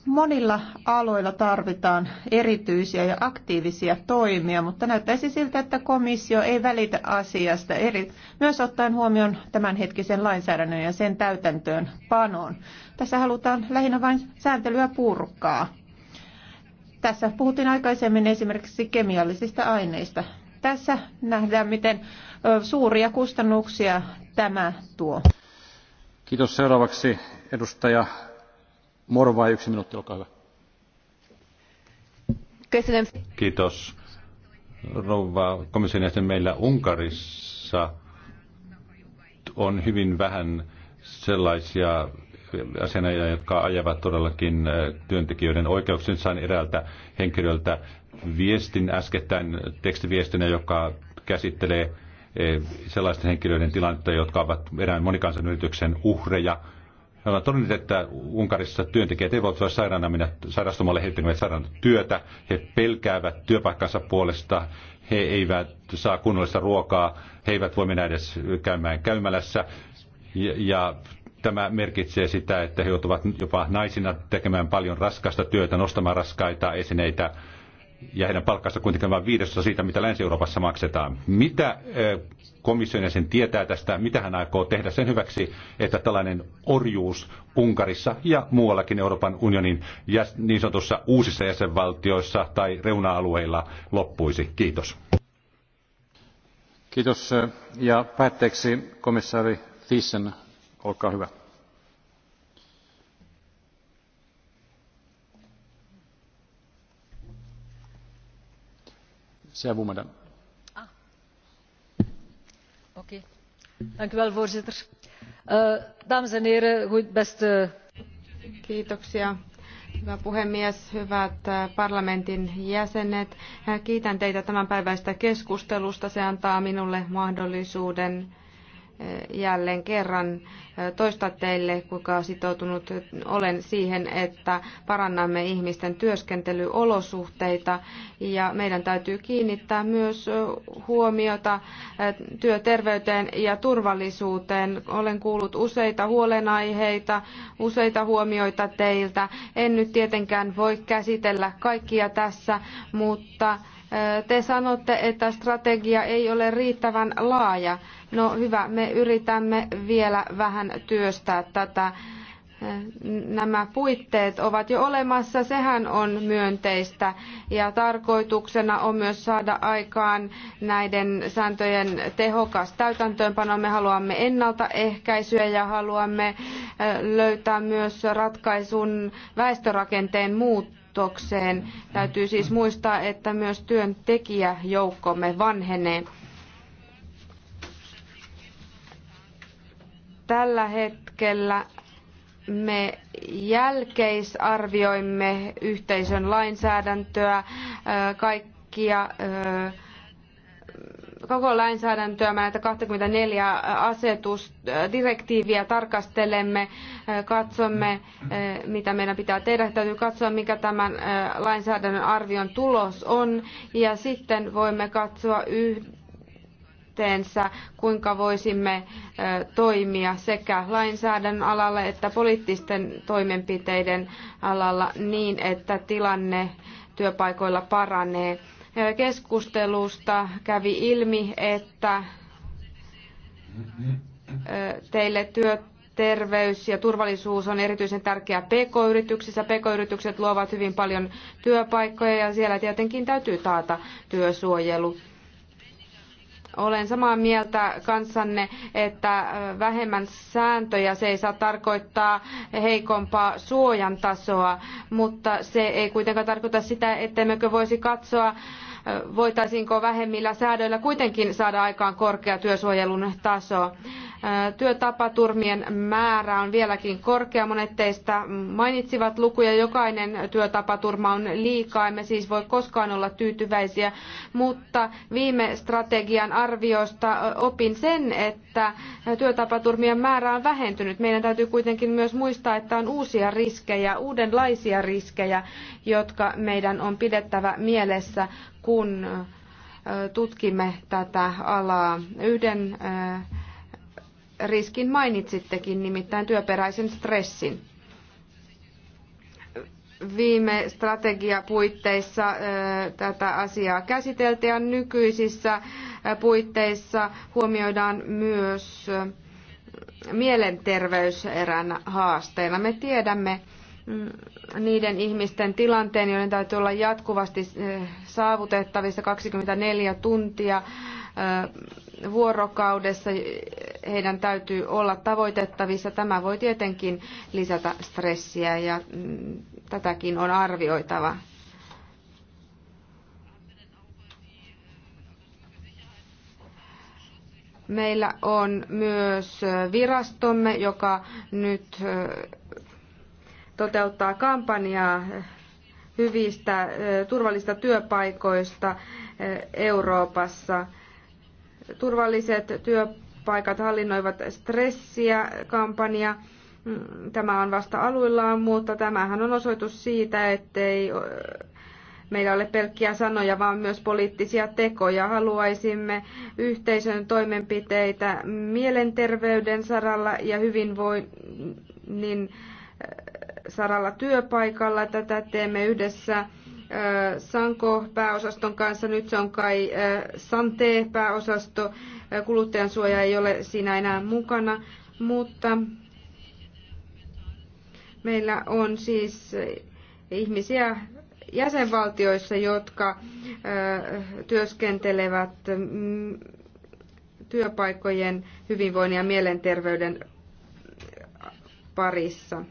Monilla aloilla tarvitaan erityisiä ja aktiivisia toimia, mutta näyttäisi siltä, että komissio ei välitä asiasta, eri, myös ottaen huomioon tämänhetkisen lainsäädännön ja sen täytäntöön panoon. Tässä halutaan lähinnä vain sääntelyä purkaa. Tässä puhuttiin aikaisemmin esimerkiksi kemiallisista aineista. Tässä nähdään, miten suuria kustannuksia tämä tuo. Kiitos seuraavaksi edustaja Morva, yksi minuutti, Kiitos. Rouva komission jäsen, meillä Unkarissa on hyvin vähän sellaisia asianajajia, jotka ajavat todellakin äh, työntekijöiden oikeuksia. Sain eräältä henkilöltä viestin äskettäin tekstiviestinä, joka käsittelee äh, sellaisten henkilöiden tilannetta, jotka ovat erään monikansallisen yrityksen uhreja – me ollaan todennut, että Unkarissa työntekijät eivät voi sairaana minä sairastumalle, he tekevät sairaana työtä. He pelkäävät työpaikkansa puolesta. He eivät saa kunnollista ruokaa. He eivät voi mennä edes käymään käymälässä. Ja, ja tämä merkitsee sitä, että he joutuvat jopa naisina tekemään paljon raskasta työtä, nostamaan raskaita esineitä ja heidän palkkansa kuitenkin vain viidesosa siitä, mitä Länsi-Euroopassa maksetaan. Mitä komission sen tietää tästä, mitä hän aikoo tehdä sen hyväksi, että tällainen orjuus Unkarissa ja muuallakin Euroopan unionin niin sanotussa uusissa jäsenvaltioissa tai reuna-alueilla loppuisi? Kiitos. Kiitos. Ja päätteeksi komissaari Thyssen, olkaa hyvä. Ah. voorzitter eh, dames en heren beste. kiitoksia hyvä puhemies hyvät eh, parlamentin jäsenet eh, kiitän teitä tämänpäiväisestä keskustelusta se antaa minulle mahdollisuuden jälleen kerran toistaa teille, kuinka sitoutunut olen siihen, että parannamme ihmisten työskentelyolosuhteita ja meidän täytyy kiinnittää myös huomiota työterveyteen ja turvallisuuteen. Olen kuullut useita huolenaiheita, useita huomioita teiltä. En nyt tietenkään voi käsitellä kaikkia tässä, mutta te sanotte, että strategia ei ole riittävän laaja. No hyvä, me yritämme vielä vähän työstää tätä. Nämä puitteet ovat jo olemassa, sehän on myönteistä ja tarkoituksena on myös saada aikaan näiden sääntöjen tehokas täytäntöönpano. Me haluamme ennaltaehkäisyä ja haluamme löytää myös ratkaisun väestörakenteen muut muutokseen. Täytyy siis muistaa, että myös työntekijäjoukkomme vanhenee. Tällä hetkellä me jälkeisarvioimme yhteisön lainsäädäntöä, kaikkia koko lainsäädäntöämme, näitä 24 asetusdirektiiviä tarkastelemme, äh, katsomme, äh, mitä meidän pitää tehdä. Täytyy katsoa, mikä tämän äh, lainsäädännön arvion tulos on, ja sitten voimme katsoa yhteensä, kuinka voisimme toimia sekä lainsäädännön alalla että poliittisten toimenpiteiden alalla niin, että tilanne työpaikoilla paranee keskustelusta kävi ilmi, että teille työterveys ja turvallisuus on erityisen tärkeää PK-yrityksissä. PK-yritykset luovat hyvin paljon työpaikkoja ja siellä tietenkin täytyy taata työsuojelu. Olen samaa mieltä kanssanne, että vähemmän sääntöjä se ei saa tarkoittaa heikompaa suojan tasoa, mutta se ei kuitenkaan tarkoita sitä, ettemmekö voisi katsoa voitaisiinko vähemmillä säädöillä kuitenkin saada aikaan korkea työsuojelun taso. Työtapaturmien määrä on vieläkin korkea. Monet teistä mainitsivat lukuja. Jokainen työtapaturma on liikaa. Emme siis voi koskaan olla tyytyväisiä. Mutta viime strategian arviosta opin sen, että työtapaturmien määrä on vähentynyt. Meidän täytyy kuitenkin myös muistaa, että on uusia riskejä, uudenlaisia riskejä, jotka meidän on pidettävä mielessä kun tutkimme tätä alaa. Yhden riskin mainitsittekin, nimittäin työperäisen stressin. Viime strategiapuitteissa tätä asiaa käsiteltiin ja nykyisissä puitteissa huomioidaan myös mielenterveys eräänä haasteena. Me tiedämme, mm, niiden ihmisten tilanteen, joiden täytyy olla jatkuvasti eh, saavutettavissa 24 tuntia eh, vuorokaudessa. Heidän täytyy olla tavoitettavissa. Tämä voi tietenkin lisätä stressiä ja mm, tätäkin on arvioitava. Meillä on myös eh, virastomme, joka nyt toteuttaa kampanjaa hyvistä turvallista työpaikoista Euroopassa. Turvalliset työpaikat hallinnoivat stressiä kampanja. Mm, tämä on vasta aluillaan, mutta tämähän on osoitus siitä, ettei meillä ole pelkkiä sanoja, vaan myös poliittisia tekoja. Haluaisimme yhteisön toimenpiteitä mielenterveyden saralla ja hyvinvoinnin saralla työpaikalla. Tätä teemme yhdessä Sanko-pääosaston kanssa. Nyt se on kai Sante-pääosasto. Kuluttajansuoja ei ole siinä enää mukana, mutta meillä on siis ihmisiä jäsenvaltioissa, jotka työskentelevät työpaikkojen hyvinvoinnin ja mielenterveyden parissa.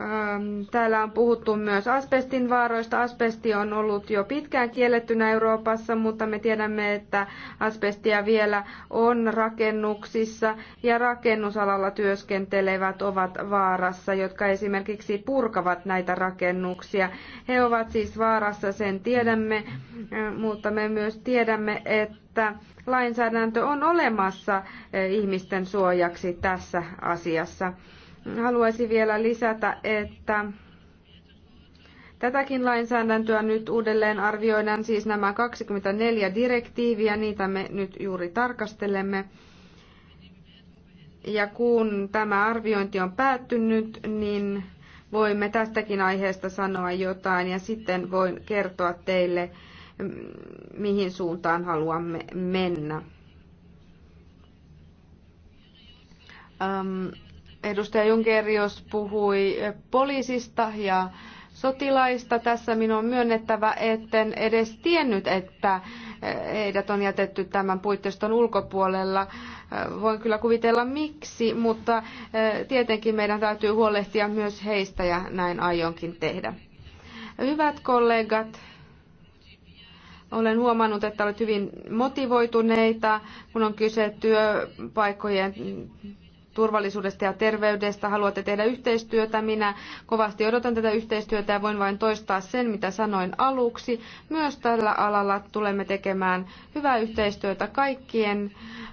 Ähm, täällä on puhuttu myös asbestin vaaroista. Asbesti on ollut jo pitkään kiellettynä Euroopassa, mutta me tiedämme, että asbestia vielä on rakennuksissa ja rakennusalalla työskentelevät ovat vaarassa, jotka esimerkiksi purkavat näitä rakennuksia. He ovat siis vaarassa, sen tiedämme, mutta me myös tiedämme, että lainsäädäntö on olemassa e, ihmisten suojaksi tässä asiassa. Haluaisin vielä lisätä, että Tätäkin lainsäädäntöä nyt uudelleen arvioidaan siis nämä 24 direktiiviä, niitä me nyt juuri tarkastelemme. Ja kun tämä arviointi on päättynyt, niin voimme tästäkin aiheesta sanoa jotain ja sitten voin kertoa teille, mm, mihin suuntaan haluamme mennä. Um, Edustaja Junkerius puhui poliisista ja sotilaista. Tässä minun on myönnettävä, etten edes tiennyt, että eh, heidät on jätetty tämän puitteiston ulkopuolella. Eh, voin kyllä kuvitella miksi, mutta eh, tietenkin meidän täytyy huolehtia myös heistä ja näin aionkin tehdä. Hyvät kollegat, olen huomannut, että olet hyvin motivoituneita, kun on kyse työpaikkojen turvallisuudesta ja terveydestä. Haluatte tehdä yhteistyötä. Minä kovasti odotan tätä yhteistyötä ja voin vain toistaa sen, mitä sanoin aluksi. Myös tällä alalla tulemme tekemään hyvää yhteistyötä kaikkien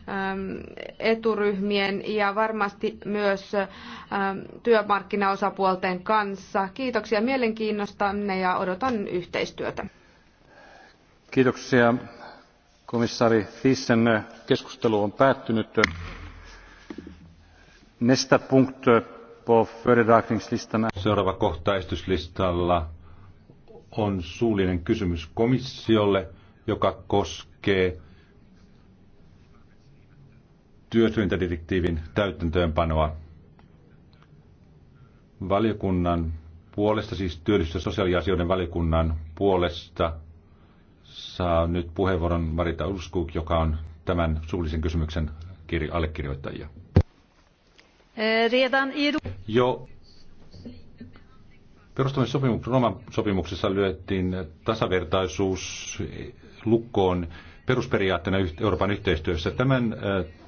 ähm, eturyhmien ja varmasti myös ähm, työmarkkinaosapuolten kanssa. Kiitoksia mielenkiinnostanne ja odotan yhteistyötä. Kiitoksia komissaari Thyssen. Keskustelu on päättynyt. Eh, Seuraava kohta esityslistalla on suullinen kysymys komissiolle, joka koskee työsyrjintädirektiivin täytäntöönpanoa. Valiokunnan puolesta, siis työllisyys- ja sosiaaliasioiden valiokunnan puolesta, saa nyt puheenvuoron Marita Ulskuk, joka on tämän suullisen kysymyksen allekirjoittajia. Eh, redan i... Jo perustamissopimuksessa, Roman sopimuksessa lyöttiin tasavertaisuus lukkoon perusperiaatteena Euroopan yhteistyössä. Tämän eh,